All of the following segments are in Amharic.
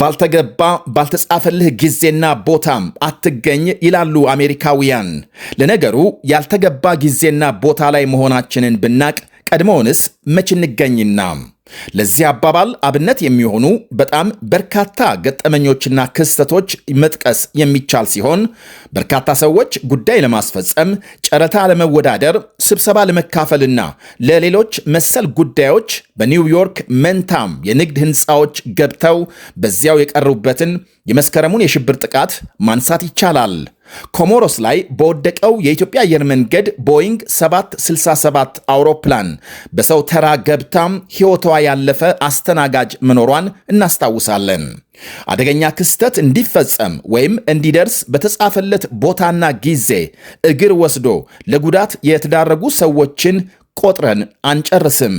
ባልተገባ ባልተጻፈልህ ጊዜና ቦታም አትገኝ ይላሉ አሜሪካውያን። ለነገሩ ያልተገባ ጊዜና ቦታ ላይ መሆናችንን ብናቅ ቀድሞውንስ መች እንገኝና ለዚህ አባባል አብነት የሚሆኑ በጣም በርካታ ገጠመኞችና ክስተቶች መጥቀስ የሚቻል ሲሆን በርካታ ሰዎች ጉዳይ ለማስፈጸም፣ ጨረታ ለመወዳደር፣ ስብሰባ ለመካፈልና ለሌሎች መሰል ጉዳዮች በኒውዮርክ መንታም የንግድ ህንፃዎች ገብተው በዚያው የቀሩበትን የመስከረሙን የሽብር ጥቃት ማንሳት ይቻላል። ኮሞሮስ ላይ በወደቀው የኢትዮጵያ አየር መንገድ ቦይንግ 767 አውሮፕላን በሰው ተራ ገብታም ሕይወቷ ያለፈ አስተናጋጅ መኖሯን እናስታውሳለን። አደገኛ ክስተት እንዲፈጸም ወይም እንዲደርስ በተጻፈለት ቦታና ጊዜ እግር ወስዶ ለጉዳት የተዳረጉ ሰዎችን ቆጥረን አንጨርስም።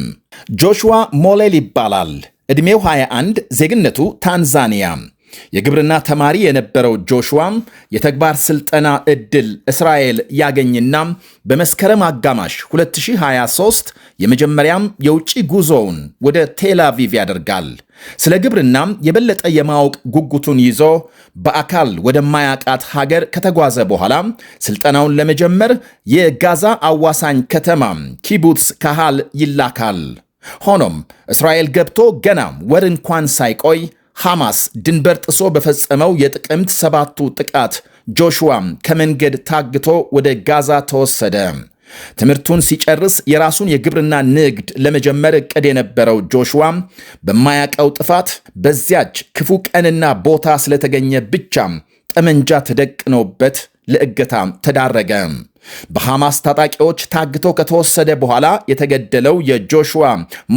ጆሹዋ ሞሌል ይባላል። ዕድሜው 21፣ ዜግነቱ ታንዛኒያ የግብርና ተማሪ የነበረው ጆሹዋም የተግባር ስልጠና ዕድል እስራኤል ያገኝና በመስከረም አጋማሽ 2023 የመጀመሪያም የውጭ ጉዞውን ወደ ቴል አቪቭ ያደርጋል። ስለ ግብርናም የበለጠ የማወቅ ጉጉቱን ይዞ በአካል ወደማያቃት ሀገር ከተጓዘ በኋላ ስልጠናውን ለመጀመር የጋዛ አዋሳኝ ከተማ ኪቡትስ ካሃል ይላካል። ሆኖም እስራኤል ገብቶ ገና ወር እንኳን ሳይቆይ ሐማስ ድንበር ጥሶ በፈጸመው የጥቅምት ሰባቱ ጥቃት ጆሹዋ ከመንገድ ታግቶ ወደ ጋዛ ተወሰደ። ትምህርቱን ሲጨርስ የራሱን የግብርና ንግድ ለመጀመር ዕቅድ የነበረው ጆሹዋ በማያቀው ጥፋት በዚያች ክፉ ቀንና ቦታ ስለተገኘ ብቻ ጠመንጃ ተደቅኖበት ለእገታ ተዳረገ። በሐማስ ታጣቂዎች ታግቶ ከተወሰደ በኋላ የተገደለው የጆሹዋ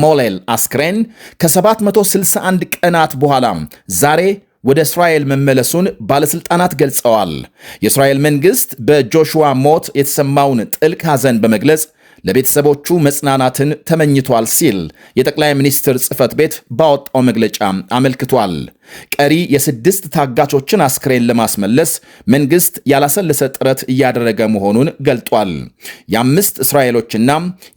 ሞሌል አስክሬን ከ761 ቀናት በኋላ ዛሬ ወደ እስራኤል መመለሱን ባለሥልጣናት ገልጸዋል። የእስራኤል መንግሥት በጆሹዋ ሞት የተሰማውን ጥልቅ ሐዘን በመግለጽ ለቤተሰቦቹ መጽናናትን ተመኝቷል ሲል የጠቅላይ ሚኒስትር ጽህፈት ቤት ባወጣው መግለጫ አመልክቷል። ቀሪ የስድስት ታጋቾችን አስክሬን ለማስመለስ መንግስት ያላሰለሰ ጥረት እያደረገ መሆኑን ገልጧል። የአምስት እስራኤሎችና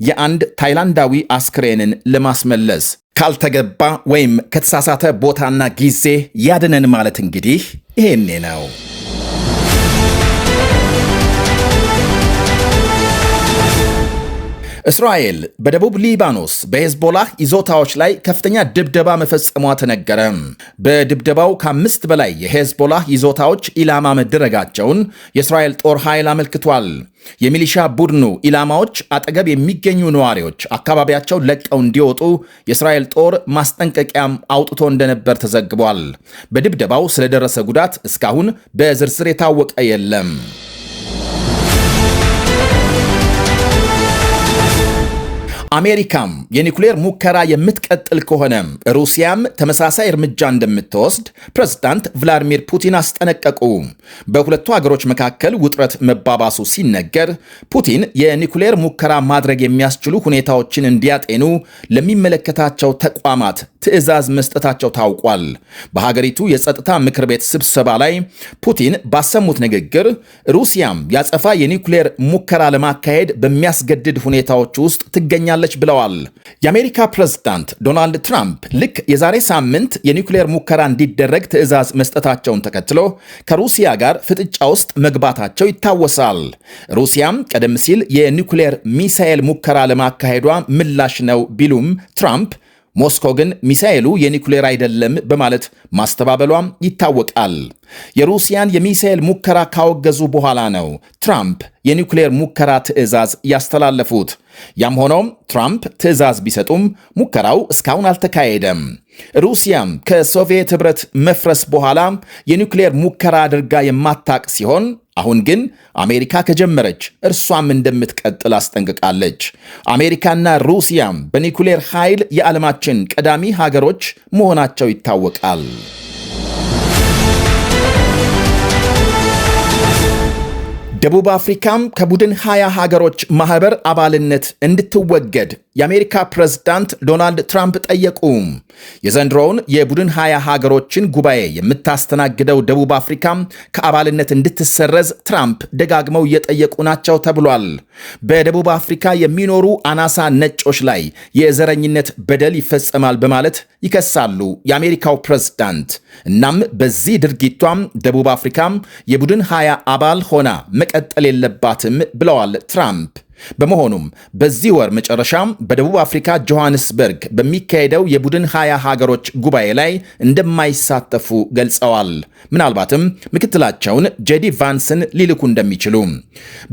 የአንድ ታይላንዳዊ አስክሬንን ለማስመለስ ካልተገባ ወይም ከተሳሳተ ቦታና ጊዜ ያድነን ማለት እንግዲህ ይሄኔ ነው። እስራኤል በደቡብ ሊባኖስ በሄዝቦላህ ይዞታዎች ላይ ከፍተኛ ድብደባ መፈጸሟ ተነገረ። በድብደባው ከአምስት በላይ የሄዝቦላህ ይዞታዎች ኢላማ መደረጋቸውን የእስራኤል ጦር ኃይል አመልክቷል። የሚሊሻ ቡድኑ ኢላማዎች አጠገብ የሚገኙ ነዋሪዎች አካባቢያቸውን ለቀው እንዲወጡ የእስራኤል ጦር ማስጠንቀቂያም አውጥቶ እንደነበር ተዘግቧል። በድብደባው ስለደረሰ ጉዳት እስካሁን በዝርዝር የታወቀ የለም። አሜሪካም የኒኩሌር ሙከራ የምትቀጥል ከሆነ ሩሲያም ተመሳሳይ እርምጃ እንደምትወስድ ፕሬዝዳንት ቭላዲሚር ፑቲን አስጠነቀቁ። በሁለቱ ሀገሮች መካከል ውጥረት መባባሱ ሲነገር ፑቲን የኒኩሌር ሙከራ ማድረግ የሚያስችሉ ሁኔታዎችን እንዲያጤኑ ለሚመለከታቸው ተቋማት ትዕዛዝ መስጠታቸው ታውቋል። በሀገሪቱ የጸጥታ ምክር ቤት ስብሰባ ላይ ፑቲን ባሰሙት ንግግር ሩሲያም ያጸፋ የኒኩሌር ሙከራ ለማካሄድ በሚያስገድድ ሁኔታዎች ውስጥ ትገኛለች ትችላለች ብለዋል። የአሜሪካ ፕሬዝዳንት ዶናልድ ትራምፕ ልክ የዛሬ ሳምንት የኒውክሌር ሙከራ እንዲደረግ ትዕዛዝ መስጠታቸውን ተከትሎ ከሩሲያ ጋር ፍጥጫ ውስጥ መግባታቸው ይታወሳል። ሩሲያም ቀደም ሲል የኒውክሌር ሚሳኤል ሙከራ ለማካሄዷ ምላሽ ነው ቢሉም ትራምፕ ሞስኮ ግን ሚሳኤሉ የኒኩሌር አይደለም በማለት ማስተባበሏም ይታወቃል። የሩሲያን የሚሳኤል ሙከራ ካወገዙ በኋላ ነው ትራምፕ የኒኩሌር ሙከራ ትዕዛዝ ያስተላለፉት። ያም ሆኖም ትራምፕ ትዕዛዝ ቢሰጡም ሙከራው እስካሁን አልተካሄደም። ሩሲያም ከሶቪየት ኅብረት መፍረስ በኋላ የኒኩሌር ሙከራ አድርጋ የማታቅ ሲሆን አሁን ግን አሜሪካ ከጀመረች እርሷም እንደምትቀጥል አስጠንቅቃለች። አሜሪካና ሩሲያም በኒኩሌር ኃይል የዓለማችን ቀዳሚ ሀገሮች መሆናቸው ይታወቃል። ደቡብ አፍሪካም ከቡድን ሀያ ሀገሮች ማኅበር አባልነት እንድትወገድ የአሜሪካ ፕሬዝዳንት ዶናልድ ትራምፕ ጠየቁ። የዘንድሮውን የቡድን 20 ሀገሮችን ጉባኤ የምታስተናግደው ደቡብ አፍሪካም ከአባልነት እንድትሰረዝ ትራምፕ ደጋግመው እየጠየቁ ናቸው ተብሏል። በደቡብ አፍሪካ የሚኖሩ አናሳ ነጮች ላይ የዘረኝነት በደል ይፈጸማል በማለት ይከሳሉ የአሜሪካው ፕሬዝዳንት። እናም በዚህ ድርጊቷም ደቡብ አፍሪካም የቡድን 20 አባል ሆና መቀጠል የለባትም ብለዋል ትራምፕ። በመሆኑም በዚህ ወር መጨረሻም በደቡብ አፍሪካ ጆሃንስበርግ በሚካሄደው የቡድን ሀያ ሀገሮች ጉባኤ ላይ እንደማይሳተፉ ገልጸዋል። ምናልባትም ምክትላቸውን ጄዲ ቫንስን ሊልኩ እንደሚችሉ።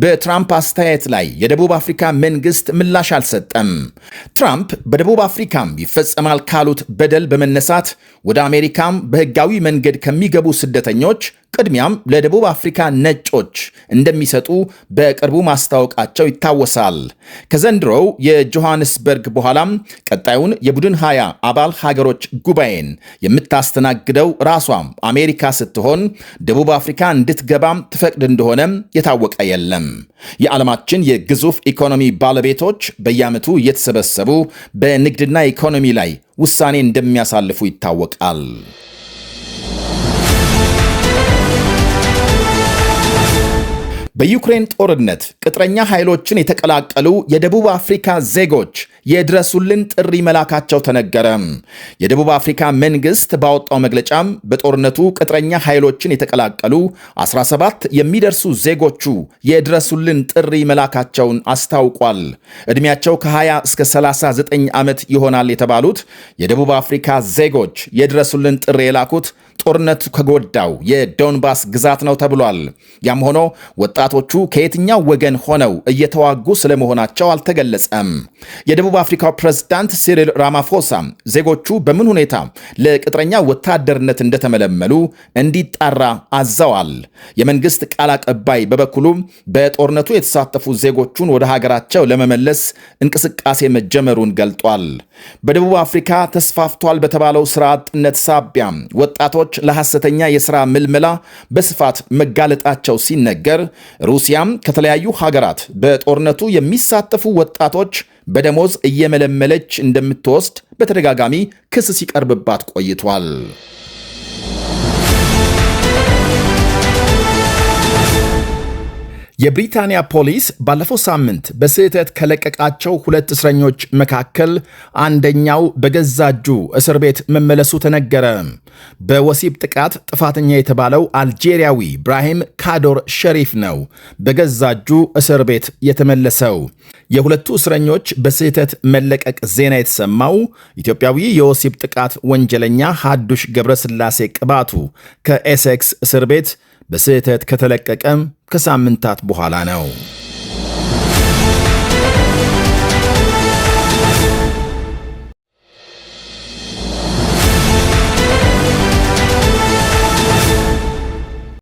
በትራምፕ አስተያየት ላይ የደቡብ አፍሪካ መንግስት ምላሽ አልሰጠም። ትራምፕ በደቡብ አፍሪካም ይፈጸማል ካሉት በደል በመነሳት ወደ አሜሪካም በህጋዊ መንገድ ከሚገቡ ስደተኞች ቅድሚያም ለደቡብ አፍሪካ ነጮች እንደሚሰጡ በቅርቡ ማስታወቃቸው ይታወሳል። ከዘንድሮው የጆሃንስበርግ በኋላም ቀጣዩን የቡድን ሀያ አባል ሀገሮች ጉባኤን የምታስተናግደው ራሷም አሜሪካ ስትሆን ደቡብ አፍሪካ እንድትገባም ትፈቅድ እንደሆነም የታወቀ የለም። የዓለማችን የግዙፍ ኢኮኖሚ ባለቤቶች በየዓመቱ እየተሰበሰቡ በንግድና ኢኮኖሚ ላይ ውሳኔ እንደሚያሳልፉ ይታወቃል። በዩክሬን ጦርነት ቅጥረኛ ኃይሎችን የተቀላቀሉ የደቡብ አፍሪካ ዜጎች የድረሱልን ጥሪ መላካቸው ተነገረ። የደቡብ አፍሪካ መንግስት ባወጣው መግለጫም በጦርነቱ ቅጥረኛ ኃይሎችን የተቀላቀሉ 17 የሚደርሱ ዜጎቹ የድረሱልን ጥሪ መላካቸውን አስታውቋል። ዕድሜያቸው ከ20 እስከ 39 ዓመት ይሆናል የተባሉት የደቡብ አፍሪካ ዜጎች የድረሱልን ጥሪ የላኩት ጦርነት ከጎዳው የዶንባስ ግዛት ነው ተብሏል። ያም ሆኖ ወጣቶቹ ከየትኛው ወገን ሆነው እየተዋጉ ስለመሆናቸው አልተገለጸም። የደቡብ አፍሪካው ፕሬዝዳንት ሲሪል ራማፎሳ ዜጎቹ በምን ሁኔታ ለቅጥረኛ ወታደርነት እንደተመለመሉ እንዲጣራ አዘዋል። የመንግስት ቃል አቀባይ በበኩሉ በጦርነቱ የተሳተፉ ዜጎቹን ወደ ሀገራቸው ለመመለስ እንቅስቃሴ መጀመሩን ገልጧል። በደቡብ አፍሪካ ተስፋፍቷል በተባለው ስራ አጥነት ሳቢያ ወጣቶ ሰዎች ለሐሰተኛ የሥራ ምልመላ በስፋት መጋለጣቸው ሲነገር ሩሲያም ከተለያዩ ሀገራት በጦርነቱ የሚሳተፉ ወጣቶች በደሞዝ እየመለመለች እንደምትወስድ በተደጋጋሚ ክስ ሲቀርብባት ቆይቷል። የብሪታንያ ፖሊስ ባለፈው ሳምንት በስህተት ከለቀቃቸው ሁለት እስረኞች መካከል አንደኛው በገዛ እጁ እስር ቤት መመለሱ ተነገረ። በወሲብ ጥቃት ጥፋተኛ የተባለው አልጄሪያዊ ብራሂም ካዶር ሸሪፍ ነው በገዛ እጁ እስር ቤት የተመለሰው። የሁለቱ እስረኞች በስህተት መለቀቅ ዜና የተሰማው ኢትዮጵያዊ የወሲብ ጥቃት ወንጀለኛ ሐዱሽ ገብረስላሴ ቅባቱ ከኤሴክስ እስር ቤት በስህተት ከተለቀቀም ከሳምንታት በኋላ ነው።